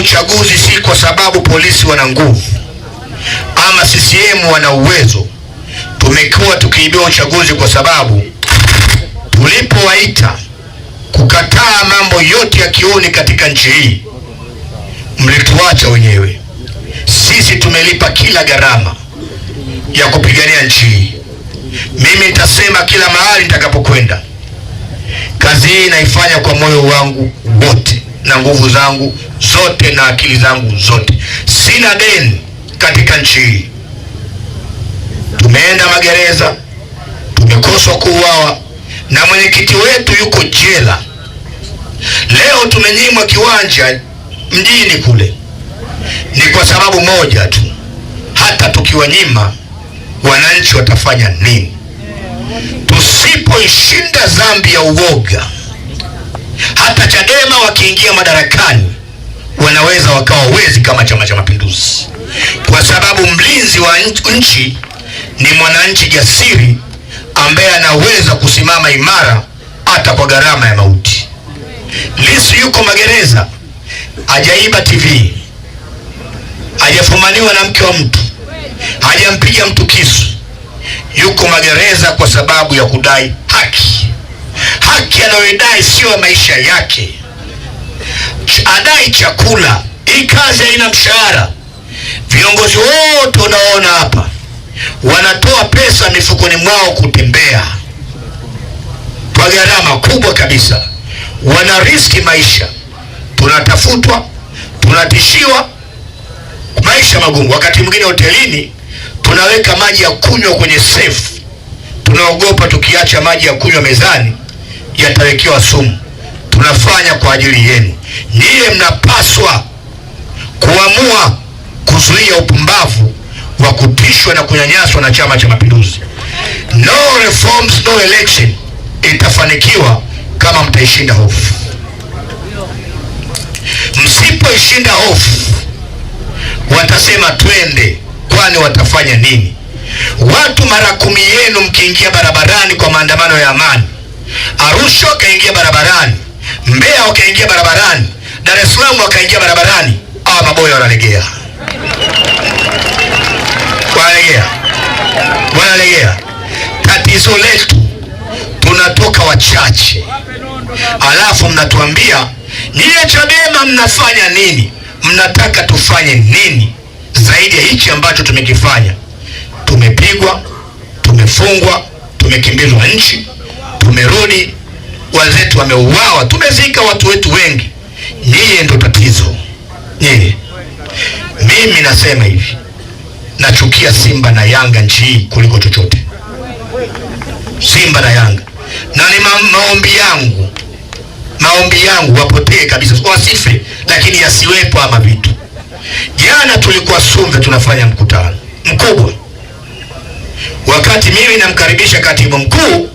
uchaguzi si kwa sababu polisi wana nguvu ama CCM wana uwezo. Tumekuwa tukiibiwa uchaguzi kwa sababu tulipowaita kukataa mambo yote ya kiuni katika nchi hii, mlituacha wenyewe. Sisi tumelipa kila gharama ya kupigania nchi hii. Mimi nitasema kila mahali nitakapokwenda, kazi hii naifanya kwa moyo wangu wote na nguvu zangu zote na akili zangu zote. Sina deni katika nchi hii. Tumeenda magereza, tumekoswa kuuawa, na mwenyekiti wetu yuko jela. Leo tumenyimwa kiwanja mjini kule, ni kwa sababu moja tu. Hata tukiwanyima wananchi watafanya nini? Tusipoishinda dhambi ya uoga hata Chadema wakiingia madarakani wanaweza wakawa wezi kama Chama cha Mapinduzi, kwa sababu mlinzi wa nchi ni mwananchi jasiri ambaye anaweza kusimama imara hata kwa gharama ya mauti. Lissu yuko magereza, hajaiba TV, hajafumaniwa na mke wa mtu, hajampiga mtu kisu. Yuko magereza kwa sababu ya kudai haki haki anayoidai sio maisha yake, adai chakula. Hii kazi haina mshahara. Viongozi wote unaona hapa wanatoa pesa mifukoni mwao kutembea kwa gharama kubwa kabisa, wana riski maisha. Tunatafutwa, tunatishiwa, maisha magumu. Wakati mwingine hotelini tunaweka maji ya kunywa kwenye sefu, tunaogopa tukiacha maji ya kunywa mezani yatawekewa sumu. Tunafanya kwa ajili yenu, niye mnapaswa kuamua kuzuia upumbavu wa kutishwa na kunyanyaswa na Chama cha Mapinduzi. No reforms, no election itafanikiwa kama mtaishinda hofu. Msipoishinda hofu, watasema twende, kwani watafanya nini? Watu mara kumi yenu mkiingia barabarani kwa maandamano ya amani Arusha wakaingia barabarani, Mbeya wakaingia barabarani, Dar es Salaam wakaingia barabarani. Hawa maboya wanalegea, wanalegea, wanalegea. Tatizo letu tunatoka wachache, alafu mnatuambia nyiye Chadema mnafanya nini? Mnataka tufanye nini zaidi ya hichi ambacho tumekifanya? Tumepigwa, tumefungwa, tumekimbizwa nchi tumerudi, wazetu wameuawa, tumezika watu wetu wengi. Nyie ndo tatizo nyie. Mimi nasema hivi, nachukia Simba na Yanga nchi hii kuliko chochote, Simba na Yanga, na ni ma maombi yangu maombi yangu wapotee kabisa, wasife, lakini yasiwepo ama vitu. Jana tulikuwa Sumve tunafanya mkutano mkubwa, wakati mimi namkaribisha katibu mkuu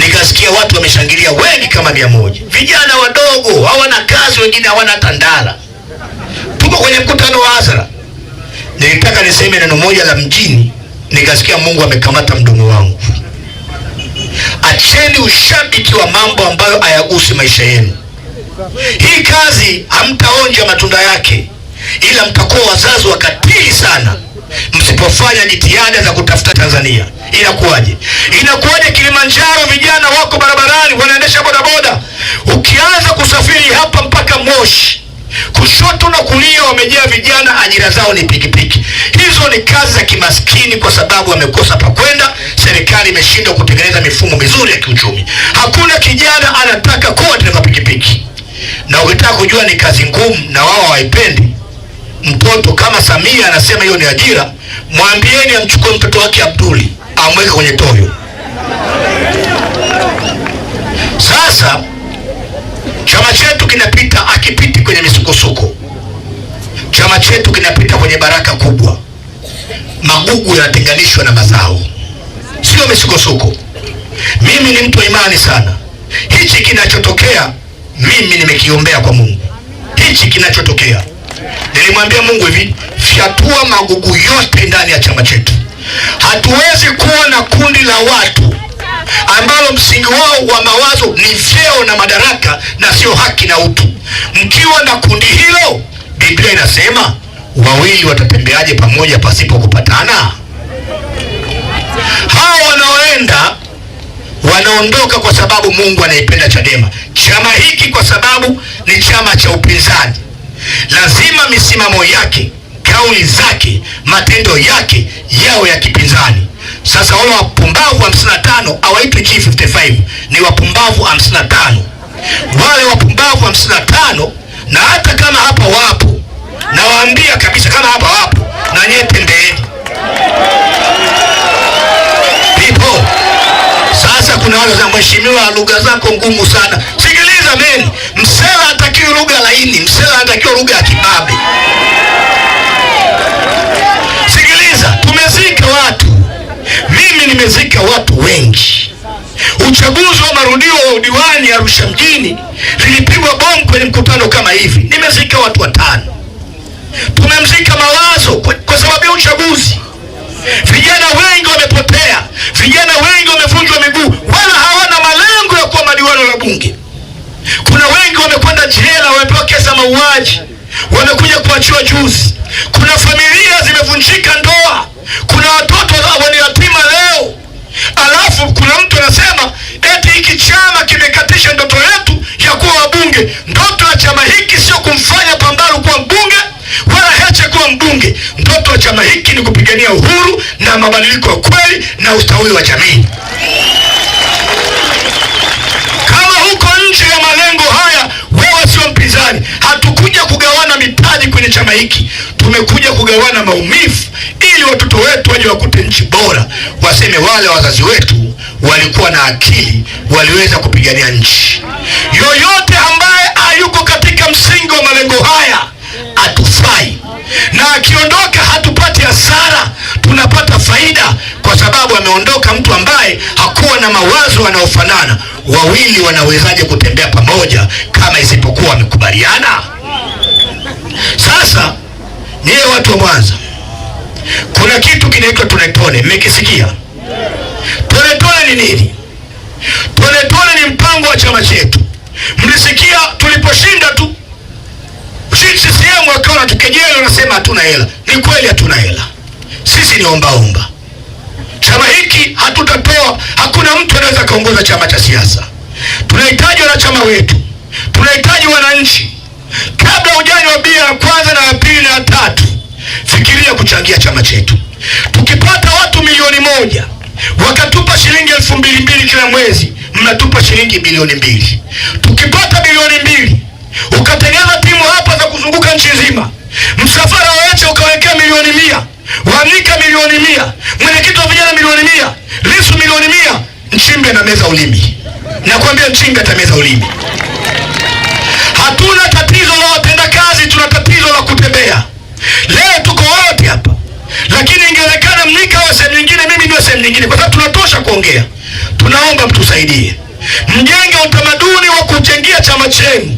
nikasikia watu wameshangilia wengi kama mia moja, vijana wadogo hawana kazi, wengine hawana tandala. Tuko kwenye mkutano wa hadhara, nilitaka niseme neno moja la mjini, nikasikia Mungu amekamata mdomo wangu. Acheni ushabiki wa mambo ambayo hayagusi maisha yenu. Hii kazi hamtaonja matunda yake, ila mtakuwa wazazi wakatili sana msipofanya jitihada za kutafuta Tanzania inakuwaje? Inakuwaje Kilimanjaro vijana wako barabarani wanaendesha bodaboda, ukianza kusafiri hapa mpaka Moshi kushoto na kulia wamejaa vijana, ajira zao ni pikipiki. Hizo ni kazi za kimaskini, kwa sababu wamekosa pa kwenda. Serikali imeshindwa kutengeneza mifumo mizuri ya kiuchumi. Hakuna kijana anataka kuwa dereva pikipiki, na ukitaka kujua ni kazi ngumu na wao hawaipendi mtoto kama Samia anasema hiyo ni ajira, mwambieni amchukue mtoto wake Abduli amweke kwenye toyo. Sasa chama chetu kinapita, akipiti kwenye misukosuko. Chama chetu kinapita kwenye baraka kubwa. Magugu yanatenganishwa na mazao, sio misukosuko. Mimi ni mtu wa imani sana. Hichi kinachotokea mimi nimekiombea kwa Mungu, hichi kinachotokea Nilimwambia Mungu hivi, fyatua magugu yote ndani ya chama chetu. Hatuwezi kuwa na kundi la watu ambalo msingi wao wa mawazo ni vyeo na madaraka na sio haki na utu. Mkiwa na kundi hilo, Biblia inasema wawili watatembeaje pamoja pasipo kupatana? Hao wanaoenda wanaondoka kwa sababu Mungu anaipenda Chadema, chama hiki kwa sababu ni chama cha upinzani lazima misimamo yake, kauli zake, matendo yake yawe ya kipinzani. Sasa wale wapumbavu 55 awaitwi G55 ni wapumbavu 55. Wale wapumbavu 55 na hata kama hapa wapo, nawaambia kabisa, kama hapa wapo na nyewe tembeeni People. Sasa kuna wale za mheshimiwa, lugha zako ngumu sana, sikiliza mimi Msela hatakiwi lugha laini, msela anatakiwa lugha ya kibabe. Sikiliza, tumezika watu, mimi nimezika watu wengi. Uchaguzi wa marudio wa udiwani Arusha mjini lilipigwa bomu kwenye mkutano kama hivi, nimezika watu watano. Tumemzika Mawazo kwa, kwa sababu ya uchaguzi. Vijana wengi wamepotea, vijana wengi wamevunjwa miguu, wala hawana malengo ya kuwa madiwani la bunge. Kuna wengi wamekwenda jela, wamepewa kesi ya mauaji, wamekuja kuachiwa juzi. Kuna familia zimevunjika ndoa, kuna watoto ni yatima leo, alafu kuna mtu anasema eti hiki chama kimekatisha ndoto yetu ya kuwa wabunge. Ndoto ya chama hiki sio kumfanya Pambalu kuwa mbunge wala Heche kuwa mbunge. Ndoto ya chama hiki ni kupigania uhuru na mabadiliko ya kweli na ustawi wa jamii. chama hiki tumekuja kugawana maumivu ili watoto wetu waje wakute nchi bora, waseme wale wazazi wetu walikuwa na akili, waliweza kupigania nchi. Yoyote ambaye hayuko katika msingi wa malengo haya atufai na akiondoka hatupati hasara, tunapata faida, kwa sababu ameondoka mtu ambaye hakuwa na mawazo yanayofanana. Wawili wanawezaje kutembea pamoja kama isipokuwa wamekubaliana? Sasa niye watu wa Mwanza, kuna kitu kinaitwa tonetone, mmekisikia? Tonetone ni nini? Tonetone ni mpango wa chama chetu. Mlisikia tuliposhinda tu CCM wakawa wanatukejeli, wanasema hatuna hela. Ni kweli hatuna hela, sisi ni ombaomba chama hiki hatutapewa. Hakuna mtu anaweza kaongoza chama cha siasa. Tunahitaji wanachama wetu, tunahitaji wananchi Kabla hujanywa bia ya kwanza na ya pili na ya tatu, fikiria kuchangia chama chetu. Tukipata watu milioni moja wakatupa shilingi elfu mbili mbili kila mwezi, mnatupa shilingi bilioni mbili. Tukipata bilioni mbili ukatengeneza timu hapa za kuzunguka nchi nzima, msafara wawache ukawekea milioni mia, Wanika milioni mia, mwenyekiti wa vijana milioni mia, Lisu milioni mia, Nchimbe na meza ulimi. Nakwambia Nchimbi atameza ulimi. Hatuna basi tuna tatizo la kutembea. Leo tuko wote hapa, lakini ingewezekana mnikawa sehemu nyingine, mimi niwe sehemu nyingine, kwa sababu tunatosha kuongea. Tunaomba mtusaidie, mjenge utamaduni wa kujengia chama chenu,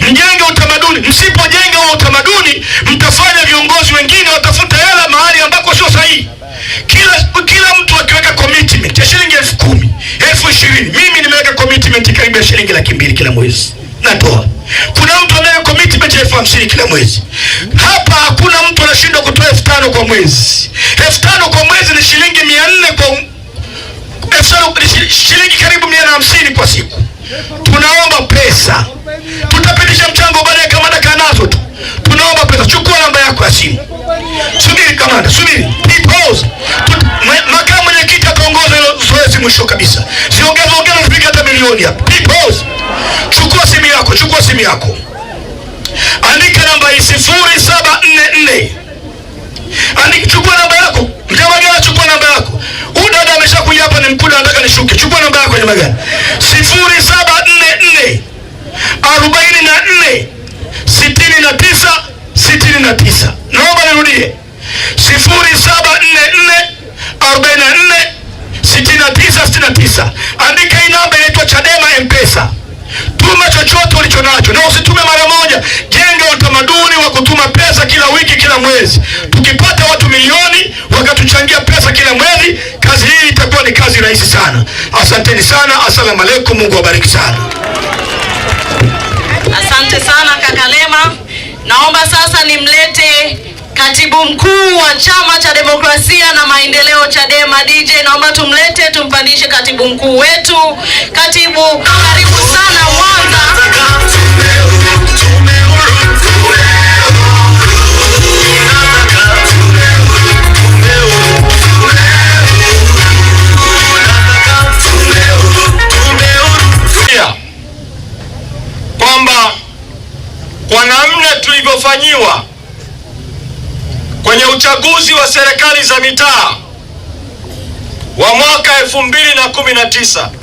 mjenge utamaduni. Msipojenga huo utamaduni, mtafanya viongozi wengine watafuta hela mahali ambako sio sahihi. Kila kila mtu akiweka commitment ya shilingi elfu kumi elfu ishirini mimi nimeweka commitment karibu ya shilingi laki mbili kila mwezi natoa. Kuna kukupatia elfu hamsini kila mwezi. Hapa hakuna mtu anashindwa kutoa elfu tano kwa mwezi. Elfu tano kwa mwezi ni shilingi mia nne kwa elfu tano ni shilingi karibu mia na hamsini kwa siku. Tunaomba pesa, tutapitisha mchango baada ya kamanda kanazo tu. Tunaomba pesa, chukua namba yako ya simu. Subiri kamanda, subiri makamu mwenyekiti ataongoza hilo zoezi mwisho kabisa. Siongeza ongeza, fika hata milioni hapa. Chukua simu yako, chukua simu yako sifuri saba nne nne. Anichukua namba yako mjamagana, chukua namba yako. Huyu dada ameshakuja hapa, ni mkuda, anataka nishuke. Chukua namba yako jamagana, sifuri saba nne nne arobaini na nne sitini na tisa sitini na tisa. Naomba nirudie sifuri saba nne nne arobaini na nne sitini na tisa sitini na tisa. Andika hii namba inaitwa Chadema ulicho nacho, na usitume mara moja. Jenga utamaduni wa kutuma pesa kila wiki, kila mwezi. Tukipata watu milioni wakatuchangia pesa kila mwezi, kazi hii itakuwa ni kazi rahisi sana. Asanteni sana, asalamu alaykum. Mungu awabariki sana. Asante sana Lema, naomba sasa nimlete Katibu mkuu wa chama cha demokrasia na maendeleo Chadema, DJ, naomba tumlete, tumpandishe katibu mkuu wetu. Katibu, karibu sana Mwanza. kwenye uchaguzi wa serikali za mitaa wa mwaka elfu mbili na kumi na tisa